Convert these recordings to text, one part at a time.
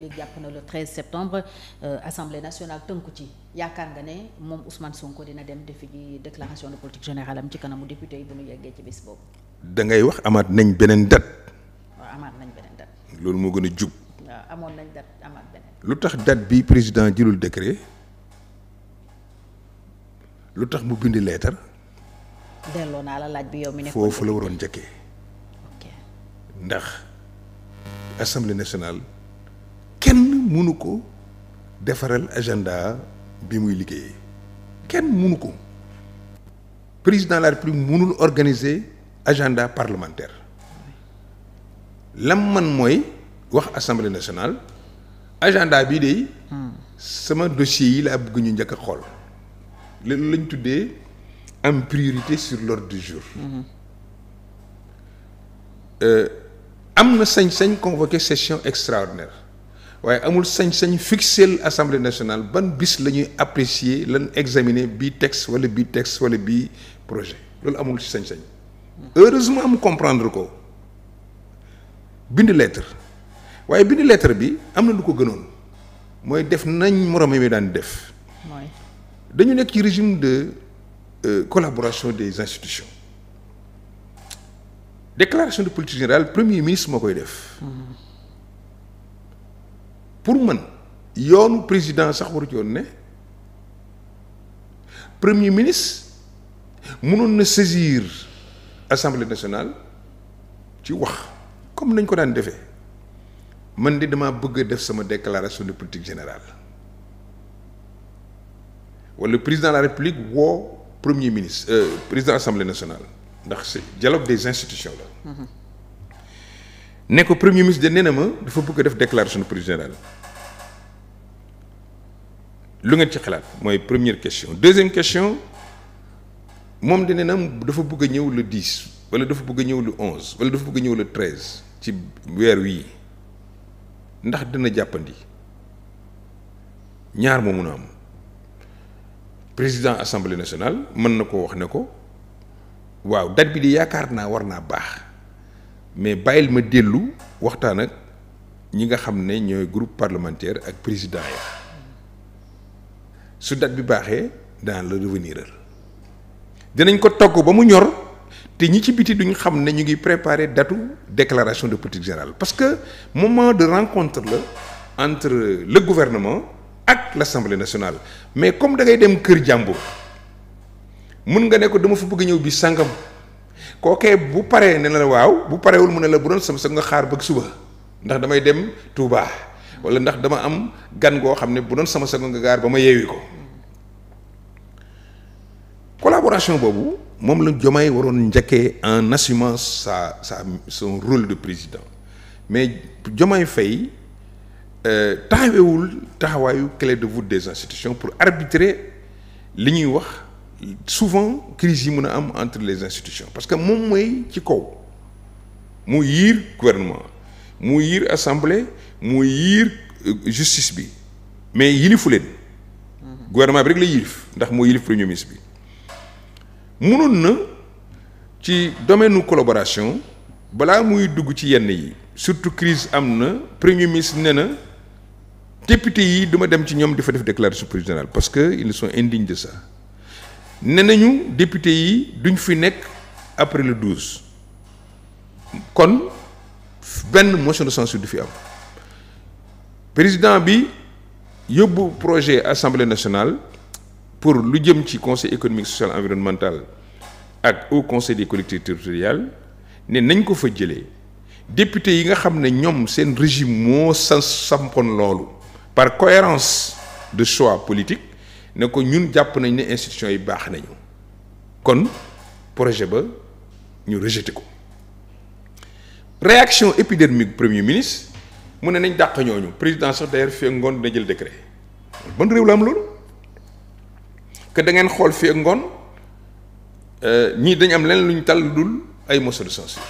léegi jàpp na le 13 septembre euh, assemblée nationale tënku ci yaakaar nga ne moom Ousmane Sonko dina dem defi ji déclaration de politique kanamu député yi bu ñu yeggee da ngay wax amaat nañ beneen date. waaw amaat loolu moo gën amoon nañ date lu tax date bi président jëlul décret lu tax mu bind leetar. delloo naa la laaj bi yow mi nekk foofu la waroon njëkkee. ok ndax assemblée nationale. kenn mënu ko defaral agenda bi muy liggéeyee kenn mënu ko président de la république mënul organiser agenda parlementaire lam man mooy wax assemblée nationale agenda bii de sama dossier yi laa bëgg ñu njëkk a xool loolu lañ tuddee am priorité sur l'ordre du jour euh, am na sañ-sañ convoquer session extraordinaire waaye amul sañ-sañ fixeel assemblée nationale ban bis lañuy ñuy apprécier lan examiner bii texte wala bii texte wala bii projet loolu amul ci sañ-sañ heureusement mu comprendre ko bind lettre waaye bind lettre bi am na lu ko gënoon mooy def nañ moroom yi daan def dañu nekk ci régime de euh, collaboration des institutions déclaration de politique générale premier ministre moo koy def mm-hmm. pour man yoonu président sax waru ci woon ne premier ministre mënoon na saisir assemblée nationale ci wax comme nañ ko daan defee man de damaa bëgg a def sama déclaration de politique général wala président de la république woo premier ministre euh, président assemblée nationale ndax c'est dialogue des institutions la. Mm-hmm. ne ko premier ministre de nee na ma dafa bëgg def déclaration de politique générale. lu ngeen ci xalaat mooy première question deuxième question moom dina na dafa bugg ñëw le 10 wala dafa bugg a ñëw le 11 wala dafa bëgg ñëw le 13 ci weer wii ndax dina jàppandi ñaar moo mun a am président assemblée nationale mën na ko wax ne ko waaw date bi di yaakaar naa war naa baax mais bàyyil ma dellu waxtaan ak ñi nga xam ne ñooy groupe parlementaire ak président ya su date bi baaxee daan la revenir dinañ ko togg ba mu ñor te ñi ci biti duñ xam ne ñu ngi préparer datu déclaration de politique générale parce que moment de rencontre la entre le gouvernement ak l'Assemblée nationale mais comme da ngay dem kër jàmbur mun nga ne ko dama fa bëgg ñëw bi sàngam kookee bu paree ne na waaw bu parewul mu ne la bu doon sama sax nga xaar bëgg suba ndax damay dem Touba. wala ndax dama am gan goo xam ne bu doon sama sago nga gaar ba ma yeewi ko collaboration boobu moom la Diomaye waroon njëkkee en assumant sa sa son rôle de président mais Diomaye Faye euh, taxawewul taxawaayu cle de voûte des institutions pour arbitrer li ñuy wax souvent crise yi mën a am entre les institutions parce que moom mooy ci kaw mu yiir gouvernement mu yiir assemblée mu yiir euh, justice bi mais yilifu leen gouvernement bi rek la yilif ndax mooy yilif premier ministre bi mënoon na ci domaine collaboration balaa muy dugg ci yenn yi surtout crise am na premier ministre nee na député yi duma dem ci ñoom di fa def déclaration présidentielle parce que ils sont indignes de ça nee nañu député yi duñ fi nekk après le 12 kon benn motion de censure du fi am président bi yóbbu projet assemblée nationale pour lu jëm ci conseil économique social environnemental ak au conseil des collectivités territoriales ne nañ ko fa jëlee député yi nga xam ne ñoom seen régime moo sa sampon loolu par cohérence de choix politique ne ko ñun jàpp nañ ne institutions yi baax nañu kon projet ba ñu rejeté ko réaction épidermique premier ministre mu ne nañ dàq ñooñu président sax d'ailleurs ak ngoon dina jël décret ban réew la am loolu que da ngeen xool fii ak ngoon euh, ñii dañ am leneen lu ñu tal dul ay motion de censure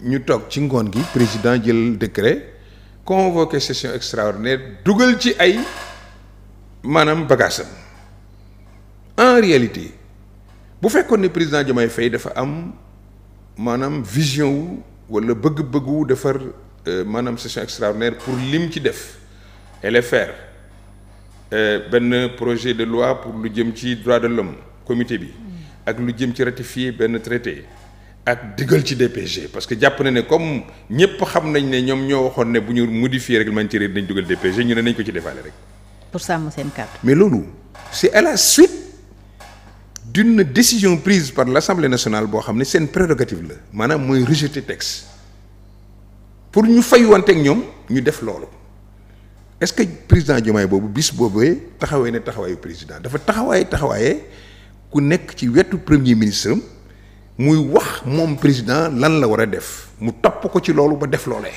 ñu toog ci ngoon gi président jël décret convoqué session extraordinaire dugal ci ay maanaam bagaasam en réalité bu fekkoon ne président Diomaye Faye dafa am maanaam vision wu walla bëgg-bëggu bëgg defar. Euh, maanaam session extraordinaire pour lim ci def LFR euh, benn projet de loi pour lu jëm ci droit de l'homme comité bi ak lu jëm ci ratifier benn traité ak digal ci DPG parce que jàpp na ne comme ñëpp xam nañ ne ñoom ñoo waxoon ne bu ñu modifier règlement intérieur dañ dugal DPG ñu ne nañ ko ci defaale rek. pour sàmm seen kàddu. mais loolu c'est à la suite d'une décision prise par l'Assemblée nationale boo xam ne seen prérogative la maanaam mooy rejeter texte. pour ñu fayuwante ak ñoom ñu def loolu est-ce que président Diomaye boobu bis boobee taxawee ne taxawaayu président dafa taxawaay taxawaayee ku nekk ci wetu premier ministre muy wax moom président lan la war a def mu topp ko ci loolu ba def loolee.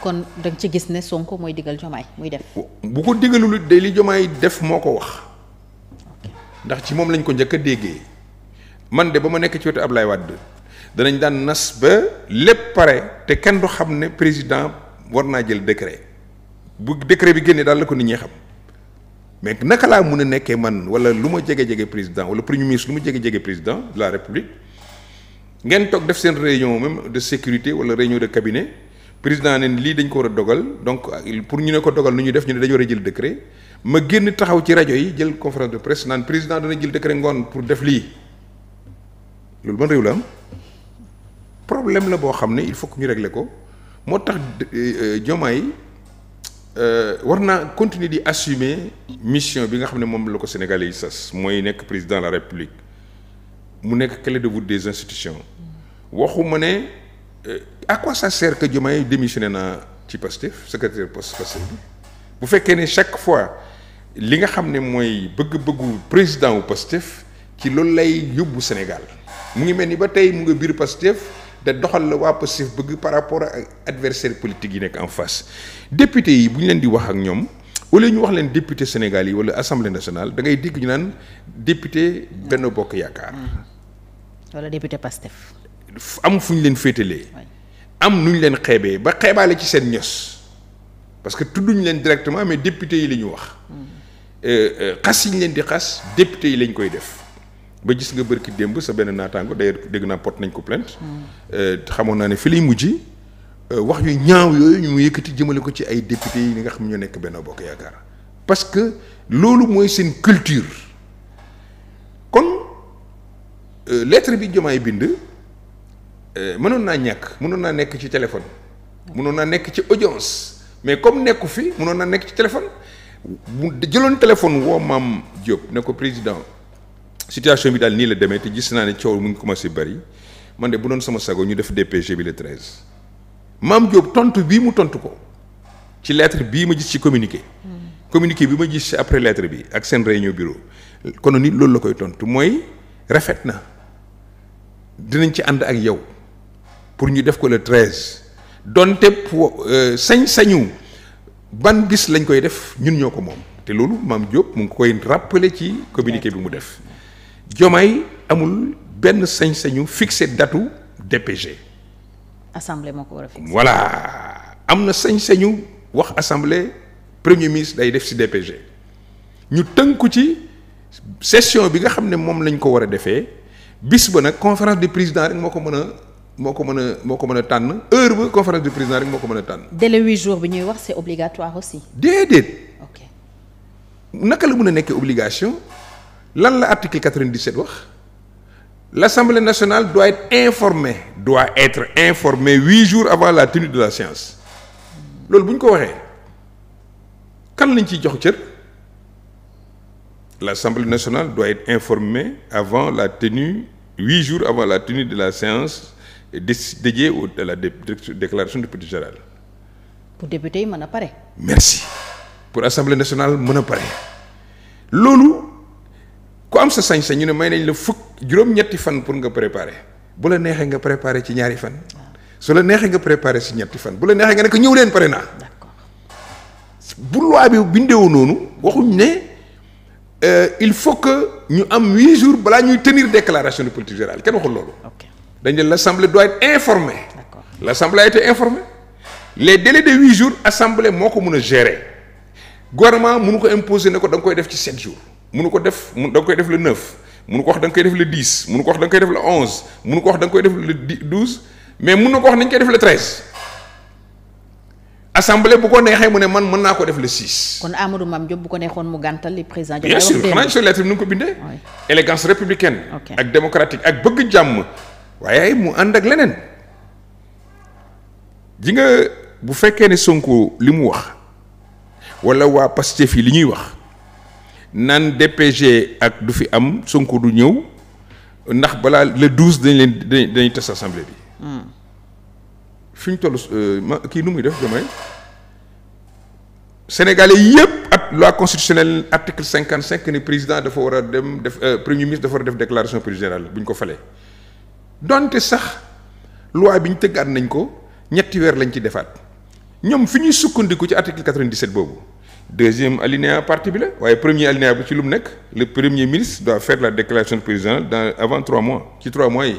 kon da ci gis ne Sonko mooy digal Diomaye muy def. bu ko digalul de li Diomaye def moo ko wax ndax ci moom lañ ko njëkk a déggee man de ba ma nekk ci wetu ab lay Wade. danañ daan nas ba lépp pare te kenn du xam ne président war naa jël décret bu décret bi génnee daal la ko nit ñi xam mais naka laa mun a nekkee man wala lu ma jege jege président wala premier ministre lu ma jege jege président de la république ngeen toog def seen réunion même de sécurité wala réunion de cabinet président ne lii dañ ko war a dogal donc pour ñu ne ko dogal nu ñu def ñu ne dañu war a jël décret ma génn taxaw ci rajo yi jël conférence de président dana jël décret ngoon pour def lii loolu ban la problème la boo xam ne il faut que ñu régler ko moo tax jomaa euh, Diomaye euh, war naa continuer di assumer mission bi nga xam ne moom la ko Sénégalais yi mooy nekk président de la République mu nekk clé de voûte des institutions waxuma ne euh, à quoi que sert yi Diomaye démissionné naa ci Pastef secrétaire poste Pastef bi bu fekkee ne chaque fois li nga xam ne mooy bëgg-bëggu président wu Pastef ci loolu lay yóbbu Sénégal mu ngi mel ni ba tey mu nga biir Pastef de doxal la waa Pastef bëgg par rapport ak adversaire politique yi nekk en face député yi bu ñu leen di wax ak ñoom wala ñu wax leen député Sénégal yi wala assemblée nationale da ngay dégg ñu naan député benn bokk yaakaar. Mm-hmm. wala député Pastef. am fu ñu leen féetalee. am nu ñu leen xeebee ba xeebaale ci seen ños parce que tudduñu leen directement mais député yi la ñu wax. Mm-hmm. Euh, euh, xas yi ñu leen di xas député yi lañ koy def. ba gis nga bërki démb sa benn naataango day dégg naa porte nañ ko plainte euh, xamoon naa ne fi lay mujj euh, wax yu ñaaw yooyu ñu yëkkati jëmale ko ci ay député yi li nga xam ñoo nekk benn Bokk Yaakaar parce que loolu mooy seen culture kon euh, lettre bi Diomaye bind mënoon naa ñàkk mënoon naa nekk ci téléphone mënoon naa nekk ci audience mais comme nekku fi mënoon naa nekk ci téléphone bu jëloon téléphone woo maam Diop ne ko président situation bi daal nii la demee te gis naa ne coow mu ngi commencé bari man de bu doon sama sago ñu def DPG bi le 13 maam Diop tontu bii mu tontu ko ci lettre bii ma gis ci communiqué. Hmm. communiqué bi ma gis ci après lettre bi ak seen réunion bureau kon nit loolu la koy tontu mooy rafet na dinañ ci ànd ak yow pour ñu def ko le 13 donte euh, sañ-sañu ban bis lañ koy def ñun ñoo ko moom te loolu maam Diop mu ngi koy rappeler ci communiqué bi mu def. Diomaye amul benn sañ-sañu fixé datu DPG. assemblée moo ko voilà am na sañ-sañu wax assemblée premier ministre day def ci DPG ñu tënku ci session bi nga xam ne moom lañ ko war a defee bis ba nag conférence des présidents rek moo ko mën a moo ko mën a moo ko mën a tànn heure ba conférence des présidents rek moo ko mën a tànn. délai huit jours bi ñuy wax c'est obligatoire aussi. déedéet. naka la mën a nekkee obligation. lan la article 97 wax l'Assemblée nationale doit être informée doit être informée huit jours avant la tenue de la séance loolu bu ñu ko waxee kan lañ ciy jox cër l'Assemblée nationale doit être informée avant la tenue huit jours avant la tenue de la séance dédiée à la déclaration de politique générale. pour député mën a pare. merci pour Assemblée nationale mën a pare loolu. ku am sa sañ-sañ ñu ne may nañ la fukk juróom-ñetti fan pour nga préparer bu la neexee nga préparer ci ñaari fan. su la neexee nga préparer ci ñetti fan bu la neexee nga ne ñëw leen pare naa. bu loi bi bindeewoo noonu waxuñ ne. Euh, il faut que ñu am huit jours balaa ñuy tenir déclaration de politique générale kenn waxul loolu. dañ ne l'assemblée doit être informée. d'accord l'assemblée a été informée. les délais de huit jours assemblée moo ko mun a gérer gouvernement mënu ko imposer ne ko da nga koy def ci sept jours. munu ko def mu da nga koy def le 9 munu ko wax da nga koy def le 10 munu ko wax da nga koy def le 11 munu ko wax da nga koy def le 12 mais mun na ko wax nañ koy def le 13. assemblée bu ko neexee mu ne man mën naa ko def le 6. kon Amadou Mame Diop bu ko neexoon mu gàntal li président. Diomaye bien sûr xanaa sur lettre bi nu ko bindee. élégance républicaine. ak démocratique ak bëgg jàmm. waaye mu ànd ak leneen. ji nga bu fekkee ne Sonko li mu wax wala waa Pastef yi li ñuy wax. naan DPG ak du fi am Sonko du ñëw ndax balaa le douze dañ leen dañ dañuy tas assemblée bi. Hmm. fi ñu toll euh, ma kii nu muy def damay sénégalais yépp at loi constitutionnelle article cinquante cinq ne président dafa war a dem def euh, premier ministre dafa war a def déclaration politique générale bu ñu ko falee donte sax loi bi ñu tëggaat nañ ko ñetti weer lañ ci defaat ñoom fi ñuy sukkandiku ci article quatre vingt boobu. deuxième alinéa parti bi la waaye premier alinéa bi ci lu mu nekk le premier ministre doit faire la déclaration présidentielle dans avant trois mois ci trois mois yi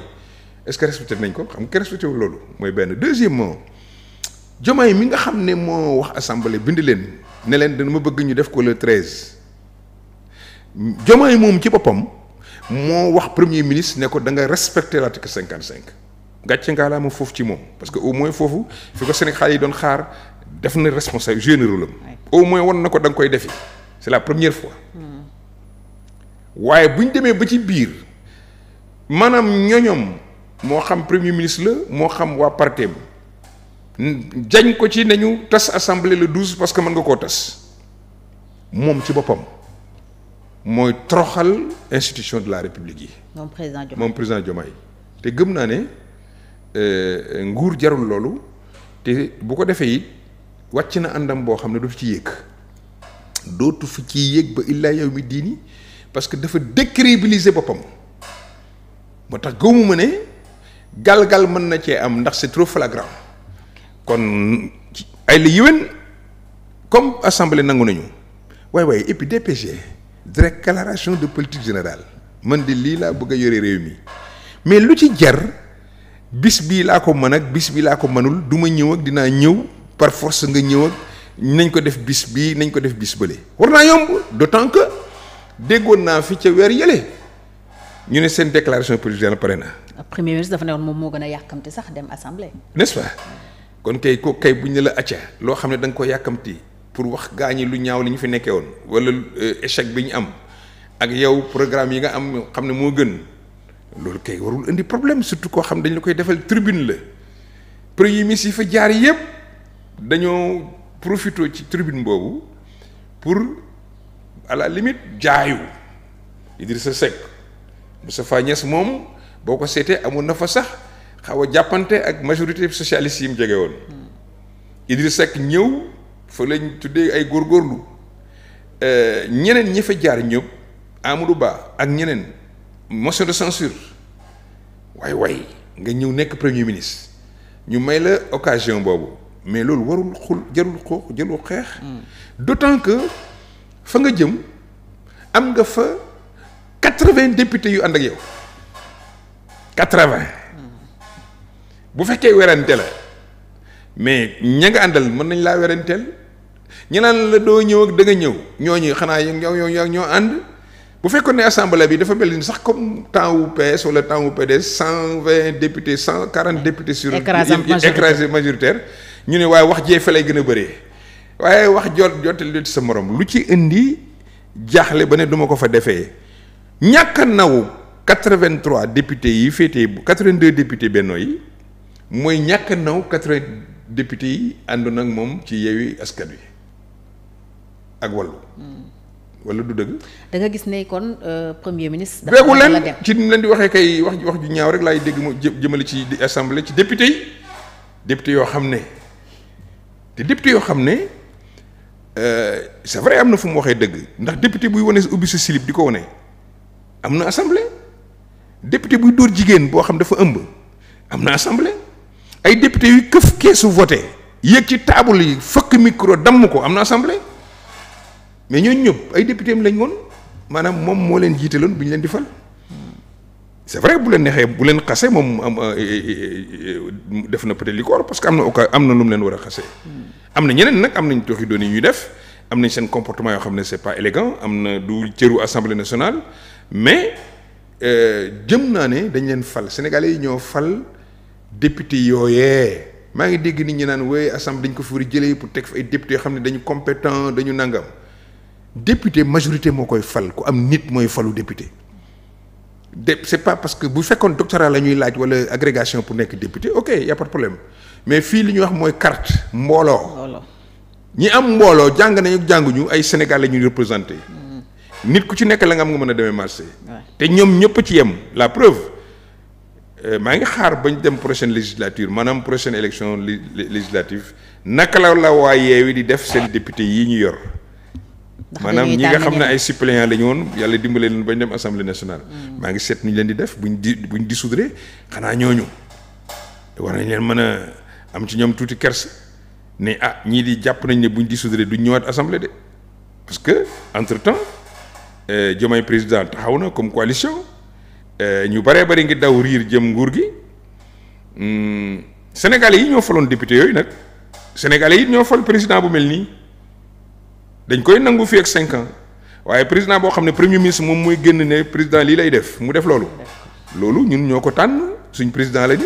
est-ce que respecté nañ ko xam nga respecté wu loolu mooy benn deuxièmement Diomaye mi nga xam ne moo wax assemblée bind leen ne leen dana ma bëgg ñu def ko le treize. yi moom ci boppam moo wax premier ministre ne ko da nga respecté l'article cinquante cinq gàcce ngaa laa ma foofu ci moom parce que au moins foofu fi ko Sénégal yi doon xaar def na responsable jeune au moins wan na ko danga nga koy defi c'est la première fois waaye bu ñu demee ba ci biir maanaam ñoñom moo xam premier ministre la moo xam waa parteem jañ ko ci ne nañu tas assemblée le 12 parce que mën nga koo tas moom ci boppam mooy troxal institution de la république yi. moom président Diomaye moom président Diomaye te gëm naa ne euh, nguur jarul loolu te bu ko defee it. wàcc na àndam boo xam ne dootu ci yéeg dootu fi ci yéeg ba illaa yow mi diini parce que dafa décrédibiliser boppam moo tax gëmu ma ne gal mën na cee am ndax c'est trop flagram kon ay la yiwén comme assemblée nangu nañu waaye waaye et puis DPG déclaration de politique générale man de lii laa bëgg a yore réew mi mais lu ci jar bis bii laa ko mën ak bis bii laa ko mënul du ma ñëw ak dinaa ñëw par force nga ñëw ak nañ ko def bis bii nañ ko def bis bële war naa yomb d'autant que déggoon naa fi ca weer yële ñu ne seen déclaration présidentielle pare na. Ah, premier ministre dafa ne woon moom moo gën a yàkkamti sax dem assemblée. n'est-ce pas kon kay ko kay buñ ne la acca loo xam ne da ko yàkkamti pour wax gaa ñi lu ñaaw li ñu fi nekkee woon wala euh, échec bi ñu am ak yow programme yi nga am xam ne moo gën loolu kay warul indi problème surtout koo xam ne dañu la koy defal tribune la premier ministre yi fa jaar yépp dañoo profité ci tribune boobu pour à la limite jaayu Idrissa Seck Moustapha Niasse moom boo ko seetee amoon na fa sax xaw a jàppante ak majorité socialiste yi mu jege woon Idrissa Seck ñëw fa lañ tuddee ay góorgóorlu euh, ñeneen ñi fa jaar ñëw Amadou Ba ak ñeneen motion de censure waay waay nga ñëw nekk premier ministre ñu may la occasion boobu mais loolu warul xul jarul xoox jarul xeex. Hmm. d'autant que fa nga jëm am nga fa quatre-vingts députés yu ànd ak yow quatre-vingts. Hmm. bu fekkee werante la mais ña nga àndal mën nañ laa weranteel ñu naan la doo ñëw ak da nga ñëw ñooñu xanaa yow yow yow ñoo ànd. bu fekkoon ne assemblée bi dafa mel ni sax comme temps wu PS wala temps wu PDS cent vingt députés cent quarante hmm. députés. sur écrasé majoritaire ñu ne waaye wax jee fa lay gën a bëree waaye wax jot jottali jot sa morom lu ci indi jaaxle ba ne duma ko fa defee ñàkk a naw 83 députés yi féetee 82 députés bennoo bennooy mooy ñàkk a naw 80 députés yi àndoon ak moom ci Yewwi askat Wi ak wàllu. Hmm. wala du dëgg. da nga gis ne kon euh, premier ministre. dafa la dem ci ni leen di waxee kay wax wax ju ñaaw rek laay dégg mu jëmale ci assemblée ci député yi député yoo xam ne. te yoo xam ne euh, c'est vrai am na fu mu waxee dëgg ndax député buy wane ubbi sa slip di ko wane am na assemblée député buy dóor jigéen boo xam dafa ëmb am na assemblée ay député yu këf keesu voté yéeg ci taabul yi fakk micro damm ko am na assemblée mais ñooñu ñëpp ay député am lañ woon maanaam moom moo leen jiitaloon bu ñu leen di fal c'est vrai bu leen neexee bu leen xase moom am euh, euh, def na peut li ko war parce que am am na lu mu leen war a xase am na ñeneen nag am nañ tooxi doon yi ñuy def am nañ seen comportement yoo xam ne c'est pas élégant am na du cëru assemblée nationale mais euh, jëm naa ne dañ leen fal sénégalais yi ñoo fal député yooyee maa ngi dégg nit ñi naan wooye assemblée dañ ko fuuri jëlee pour teg fa ay député yoo xam ne dañu compétent dañu nangam député majorité moo koy fal ku am nit mooy falu député de c'est pas parce que bu fekkoon doctorat la ñuy laaj wala agrégation pour nekk député ok y a pas de mais fii li ñuy wax mooy carte mbooloo ñi am mbooloo jàng nañu ñu ay Sénégal la ñuy représenté mm. nit ku ci nekk la nga am nga mën a demee marché te ñoom ñëpp ci yem la preuve euh, maa ngi xaar bañ dem prochaine législature maanaam prochaine élection législative naka la la waa di def seen député yi ñu yor maanaam ñi nga xam ne ay suppléants la ñu woon yàlla dimbalee leen bañ dem assemblée nationale mm. maa ngi seet nu ñu leen di def buñ di buñ xanaa ñooñu war nañ leen mën a am ci ñoom tuuti kersa ne ah ñii di jàpp nañ ne buñ di dissoudre duñ ñëwaat assemblée de parce que entre temps euh, Diomaye président taxaw na comme coalition euh, ñu baree bari ngi daw riir jëm nguur gi hmm, sénégalais yi ñoo faloon député yooyu nag sénégalais yi ñoo fal président bu mel nii dañ koy nangu fii ak cinq ans waaye président boo xam ne premier ministre moom mooy génn ne président lii lay def mu def loolu loolu ñun ñoo ko tànn suñ président la ni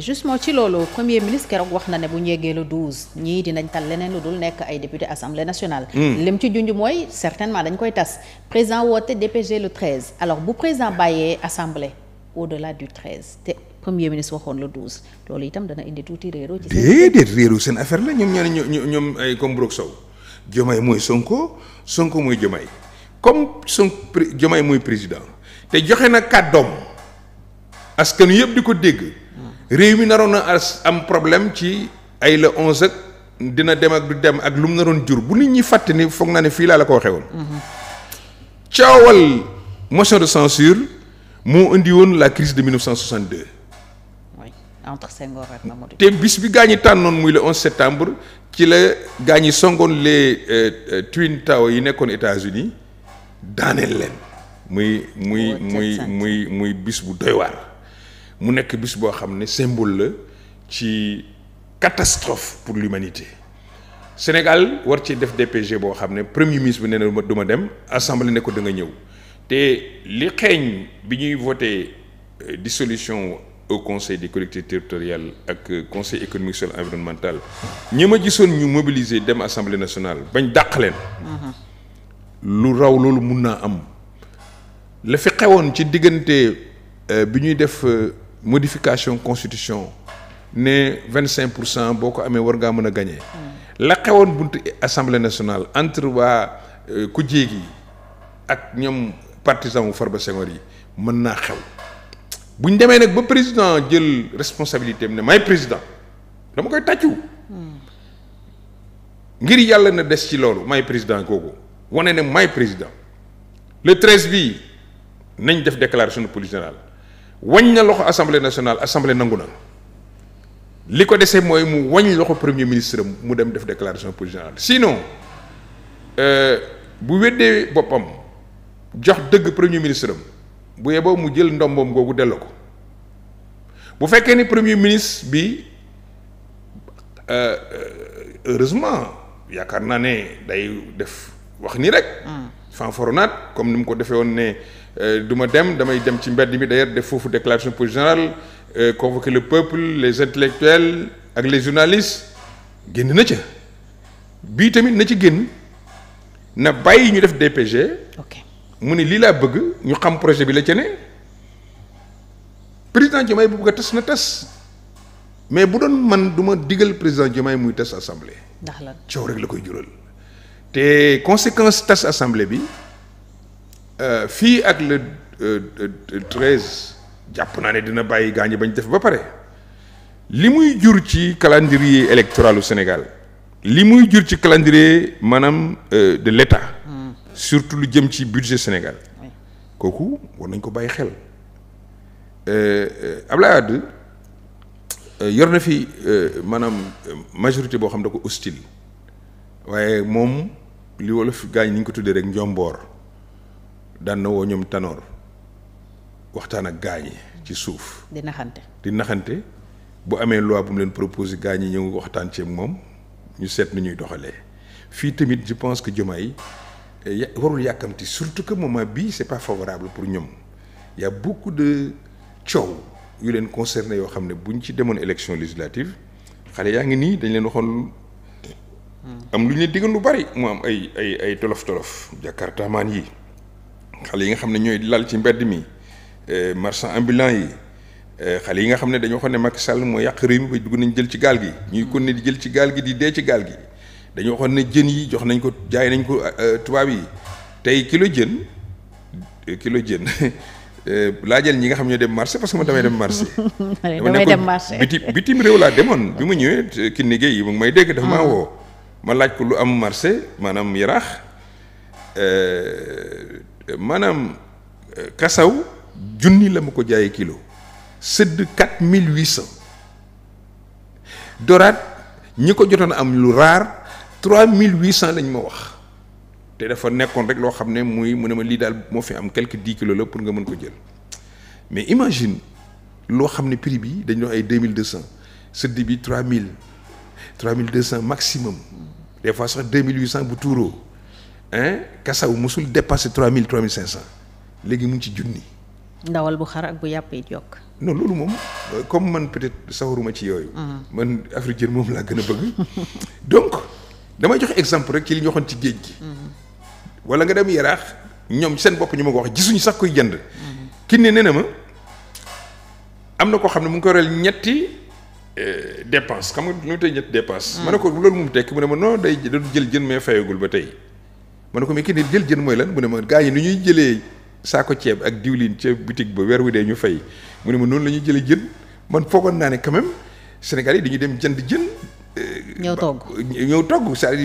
justement ci loolu premier ministre keroog wax na ne bu ñu yeggee le 12 ñii dinañ tal leneen lu dul nekk ay député assemblée nationale. Hmm. lim ci junj mooy certainement dañ koy tas président woote DPG le 13 alors bu président bàyyee assemblée au delà du 13 te premier ministre waxoon le 12 loolu itam dana indi tuuti réeróo. ci seen déedéet réeróo seen affaire la ñoom ñoo ne ñoom ay comme Brook Sow Diomaye mooy Sonko Sonko mooy Diomaye comme Sonko Diomaye mooy président te joxe na kàddoom askan yëpp di ko dégg. réew mi naroon na am problème ci ay la onze ak dina dem ak du dem ak lu mu naroon jur bu nit ñi fàtte ni foog naa ne fii laa la ko waxee woon. Mm-hmm. coowal motion de censure moo indi woon la crise de 1962. oui entre Senghor ak Mamadou. te bis bi gaa ñi tànnoon muy le 11 septembre ci la gaañi ñi songoon les euh, euh, Twin Towers yi nekkoon États-Unis daaneel leen. muy muy oh, muy muy muy bis bu doy waar. mu nekk bis boo xam ne symbole la ci catastrophe pour l'humanité Sénégal war ci def DPG boo xam ne premier ministre bi nee na du ma dem assemblée ne ko da ñëw te li xeeñ bi ñuy voté euh, dissolution au conseil des collectivités territoriales ak euh, conseil économique social environnemental ñi ma gisoon ñu mobiliser dem assemblée nationale bañ dàq leen. Mm-hmm. lu raw loolu mun naa am. la fi xewoon ci diggante euh, bi ñuy def. modification constitution ne vingt cinq pour cent boo ko amee war ngaa mën a gagné. la xewoon buntu assemblée nationale entre waa euh, ku jéegi ak ñoom partisan wu Farba Senghor yi mën naa xew bu demee nag ba président jël responsabilité am ne may président dama koy tàccu. ngir yàlla na des ci loolu may président kooku wane ne may président le treize bi nañ def déclaration de politique générale. wañ na loxo assemblée nationale assemblée nangu na li ko dese mooy mu wañ loxo premier ministre mu dem def déclaration politique générale sinon euh, bu weddee boppam jox dëgg premier ministre am bu yeboo mu jël ndomboom googu dell ko bu fekkee ni premier ministre bi euh, euh, heureusement yaakaar naa ne day def wax nii rek mm. fanforonaat comme ni mu ko defee woon ne Euh, du ma dem damay dem ci mbedd bi d'ailleurs def foofu déclaration pour générale euh, convoquer le peuple les intellectuels ak les journalistes génn na ca bii tamit na ci génn na bàyyi ñu def DPG. mu ne lii laa bëgg ñu xam projet bi la ca ne président Diomaye bu bëgg a tas na tas mais bu doon man du ma digal président Diomaye muy tas assemblée. ndax la coow rek la koy jural. te conséquence tas assemblée bi. Euh, fii ak euh, le treize jàpp naa ne dina bàyyi gaañi bañ def ba pare li muy jur ci calendrier électoral u Sénégal li muy jur ci calendrier maanaam euh, de l'État hmm. surtout lu jëm ci budget Sénégal kooku war nañ ko bàyyi xel Abdoulaye Wade yor na fi maanaam majorité boo xam da ko hostile waaye moom li fi gaañ ni ñu ko tuddee rek njomboor daan na woo ñoom tanoor waxtaan ak gaa ñi ci suuf. di naxante di naxante bu amee loi bu mu leen proposer gaa ñi ñëw waxtaan ceeg moom ñu seet nu ñuy doxalee fii tamit je pense que Diomaye eh, warul yàkkamti surtout que moment bii c'est pas favorable pour ñoom y a beaucoup de coow yu leen concerné yoo xam ne buñ ci demoon élection législative xale yaa ngi nii dañu leen waxoon. Hmm. am lu ñu leen digal lu bari mu am ay ay ay tolof tolof. jakartamaan yi. xale yi nga xam ne ñooy lal ci mbedd mi e, marchand ambulant yi e, xale yi nga xam ne dañoo xam ne Macky Sall moo yàq réew mi ba dugg nañ jël ci gaal gi ñuy kon mm. ne di jël ci gaal gi di dee ci gaal gi dañoo xam ne jën yi jox nañ ko jaay nañ ko e, tubaab yi tey kilo jën kilo jën laajal ñi nga xam ñoo dem marché parce que man damay dem marché. damay dem marché bitim bitim réew laa demoon bi ma ñëwee ki liggéey yi mu ngi may dégg. dafa maa mm. woo ma laaj ko lu am marché maanaam yaraax maanaam euh, kasaw junni la ma ko jaayee kilo sëdd quatre mille huit cent doraat ñi ko jotoon am lu raar trois mille huit cent lañ ma wax te dafa nekkoon rek loo xam ne muy mu ne ma lii daal moo fi am quelques dix kilo la pour nga mën ko jël mais imagine loo xam ne prix bi dañ doon ay deux mille deux cent sëdd bi trois mille trois mille deux cent maximum des fois sax deux mille huit cent bu tuuroo kasaw mosul dépassé trois mille trois mille cinq cent léegi mu ngi ci junni. ndawal bu xar ak bu yàpp it yokk. loolu moom comme man peut-être sawaruma ci yooyu. Mm-hmm. man Afrique jën moom laa gën a bëgg. donc damay jox exemple rek ci li ñu ci géej gi. Mm-hmm. wala nga dem yaraax ñoom seen bopp ñu ma ko wax gisuñu sax koy jënd. Mm-hmm. ki ne nee na ma am na koo xam ne mu ngi ko yoreel ñetti euh, dépense xam nga lu ñu tey ñetti dépense. ma ne ko loolu moom tekki mu ne ma non day doon jël jën mais fayagul ba tey. ma ko mais kii jël jën mooy lan mu ne ma gars yi ni ñuy jëlee saako ceeb ak diwlin ca boutique ba weer wu dee ñu fay mu ne ma noonu la ñuy jëlee jën man foogoon naa ne quand même Sénégal yi dañuy dem jënd jën. Euh, ñëw togg ñëw togg cest à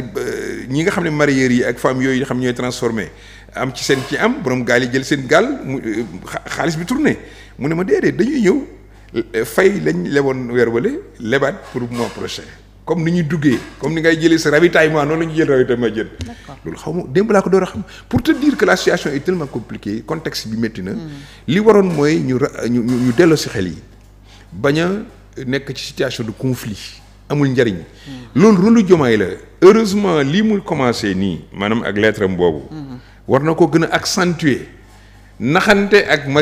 ñi nga xam ne mareyeurs yi ak femmes yooyu xam ñooy transformé am ci seen ci am borom gaal yi jël seen gaal mu euh, xaalis bi tourné mu ne ma déedéet dañuy ñëw euh, fay lañ leboon weer wale lebaat pour mois prochain. comme ni ñuy duggee comme ni ngay jëlee sa ravitaillement noonu la ñuy jël ravitaillement jën. loolu xaw ma démb laa ko door a xam pour te dire que la situation est tellement compliquée contexte bi métti na. Hmm. li waroon mooy ñu ñu ñu delloo si xel yi bañ a nekk ci situation de conflit amul njariñ. Hmm. loolu rôle Diomaye la heureusement lii mu commencé nii maanaam ak lettre am hmm. war na ko gën a accentuer naxante ak